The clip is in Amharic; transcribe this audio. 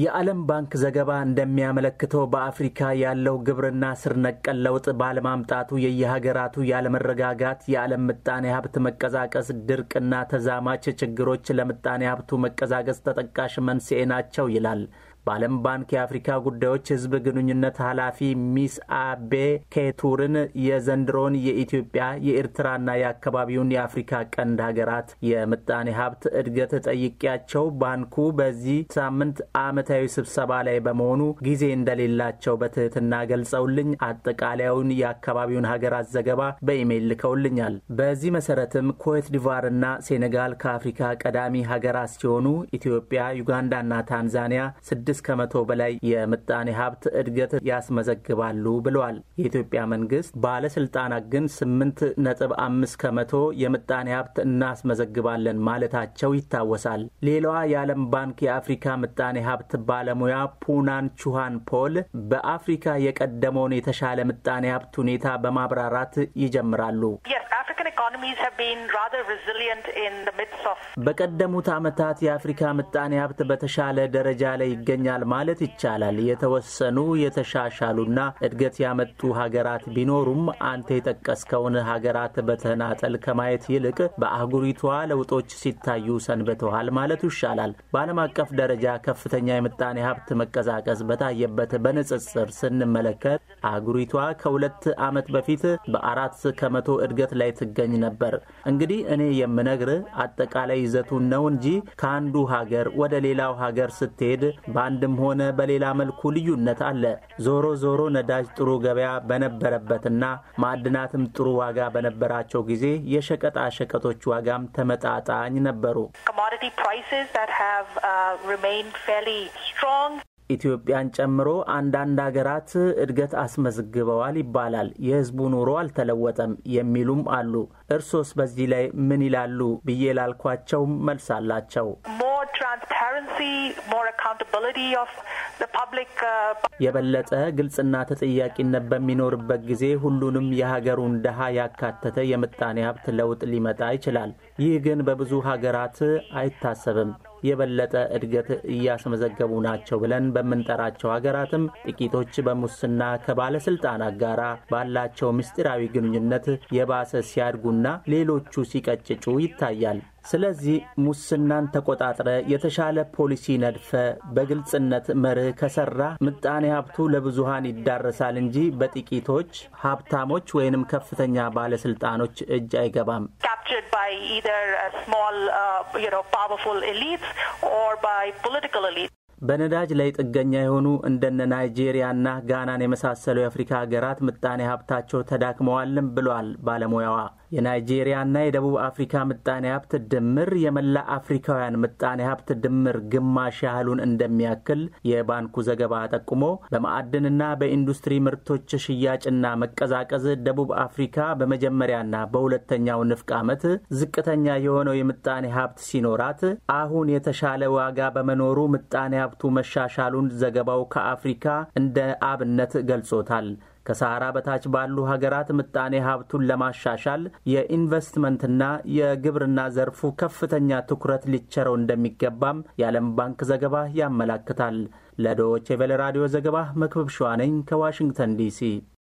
የዓለም ባንክ ዘገባ እንደሚያመለክተው በአፍሪካ ያለው ግብርና ስር ነቀል ለውጥ ባለማምጣቱ የየሀገራቱ ያለመረጋጋት፣ የዓለም ምጣኔ ሀብት መቀዛቀስ፣ ድርቅና ተዛማች ችግሮች ለምጣኔ ሀብቱ መቀዛቀስ ተጠቃሽ መንስኤ ናቸው ይላል። በዓለም ባንክ የአፍሪካ ጉዳዮች ህዝብ ግንኙነት ኃላፊ ሚስ አቤ ኬቱርን የዘንድሮን የኢትዮጵያ የኤርትራና የአካባቢውን የአፍሪካ ቀንድ ሀገራት የምጣኔ ሀብት እድገት ጠይቄያቸው ባንኩ በዚህ ሳምንት ዓመታዊ ስብሰባ ላይ በመሆኑ ጊዜ እንደሌላቸው በትህትና ገልጸውልኝ አጠቃላዩን የአካባቢውን ሀገራት ዘገባ በኢሜይል ልከውልኛል። በዚህ መሰረትም ኮት ዲቫርና ሴኔጋል ከአፍሪካ ቀዳሚ ሀገራት ሲሆኑ ኢትዮጵያ፣ ዩጋንዳና ታንዛኒያ ከ ከመቶ በላይ የምጣኔ ሀብት እድገት ያስመዘግባሉ ብለዋል። የኢትዮጵያ መንግስት ባለስልጣናት ግን 8 ነጥብ 5 ከመቶ የምጣኔ ሀብት እናስመዘግባለን ማለታቸው ይታወሳል። ሌላዋ የዓለም ባንክ የአፍሪካ ምጣኔ ሀብት ባለሙያ ፑናን ቹሃን ፖል በአፍሪካ የቀደመውን የተሻለ ምጣኔ ሀብት ሁኔታ በማብራራት ይጀምራሉ። በቀደሙት ዓመታት የአፍሪካ ምጣኔ ሀብት በተሻለ ደረጃ ላይ ይገኛል ማለት ይቻላል። የተወሰኑ የተሻሻሉና እድገት ያመጡ ሀገራት ቢኖሩም አንተ የጠቀስከውን ሀገራት በተናጠል ከማየት ይልቅ በአህጉሪቷ ለውጦች ሲታዩ ሰንብተዋል ማለቱ ይሻላል። በዓለም አቀፍ ደረጃ ከፍተኛ የምጣኔ ሀብት መቀዛቀዝ በታየበት በንጽጽር ስንመለከት አህጉሪቷ ከሁለት ዓመት በፊት በአራት ከመቶ እድገት ላይ ትገኛል ይሰጠኝ ነበር። እንግዲህ እኔ የምነግር አጠቃላይ ይዘቱን ነው እንጂ ከአንዱ ሀገር ወደ ሌላው ሀገር ስትሄድ በአንድም ሆነ በሌላ መልኩ ልዩነት አለ። ዞሮ ዞሮ ነዳጅ ጥሩ ገበያ በነበረበትና ማዕድናትም ጥሩ ዋጋ በነበራቸው ጊዜ የሸቀጣ ሸቀጦች ዋጋም ተመጣጣኝ ነበሩ። ኢትዮጵያን ጨምሮ አንዳንድ ሀገራት እድገት አስመዝግበዋል ይባላል። የህዝቡ ኑሮ አልተለወጠም የሚሉም አሉ። እርሶስ በዚህ ላይ ምን ይላሉ ብዬ ላልኳቸው መልስ አላቸው። uh, የበለጠ ግልጽና ተጠያቂነት በሚኖርበት ጊዜ ሁሉንም የሀገሩን ድሃ ያካተተ የምጣኔ ሀብት ለውጥ ሊመጣ ይችላል። ይህ ግን በብዙ ሀገራት አይታሰብም። የበለጠ እድገት እያስመዘገቡ ናቸው ብለን በምንጠራቸው ሀገራትም ጥቂቶች በሙስና ከባለስልጣናት ጋር ባላቸው ምስጢራዊ ግንኙነት የባሰ ሲያድጉና ሌሎቹ ሲቀጭጩ ይታያል። ስለዚህ ሙስናን ተቆጣጥረ የተሻለ ፖሊሲ ነድፈ በግልጽነት መርህ ከሰራ ምጣኔ ሀብቱ ለብዙሃን ይዳረሳል እንጂ በጥቂቶች ሀብታሞች ወይንም ከፍተኛ ባለስልጣኖች እጅ አይገባም። captured by either small, uh, you know, powerful elites or by political elites. በነዳጅ ላይ ጥገኛ የሆኑ እንደነ ናይጄሪያና ጋናን የመሳሰሉ የአፍሪካ ሀገራት ምጣኔ ሀብታቸው ተዳክመዋልም ብሏል ባለሙያዋ። የናይጄሪያና የደቡብ አፍሪካ ምጣኔ ሀብት ድምር የመላ አፍሪካውያን ምጣኔ ሀብት ድምር ግማሽ ያህሉን እንደሚያክል የባንኩ ዘገባ ጠቁሞ በማዕድንና በኢንዱስትሪ ምርቶች ሽያጭና መቀዛቀዝ ደቡብ አፍሪካ በመጀመሪያና በሁለተኛው ንፍቅ ዓመት ዝቅተኛ የሆነው የምጣኔ ሀብት ሲኖራት አሁን የተሻለ ዋጋ በመኖሩ ምጣኔ ሀብቱ መሻሻሉን ዘገባው ከአፍሪካ እንደ አብነት ገልጾታል። ከሰሃራ በታች ባሉ ሀገራት ምጣኔ ሀብቱን ለማሻሻል የኢንቨስትመንትና የግብርና ዘርፉ ከፍተኛ ትኩረት ሊቸረው እንደሚገባም የዓለም ባንክ ዘገባ ያመላክታል። ለዶቼ ቬለ ራዲዮ ዘገባ መክብብ ሸዋነኝ ከዋሽንግተን ዲሲ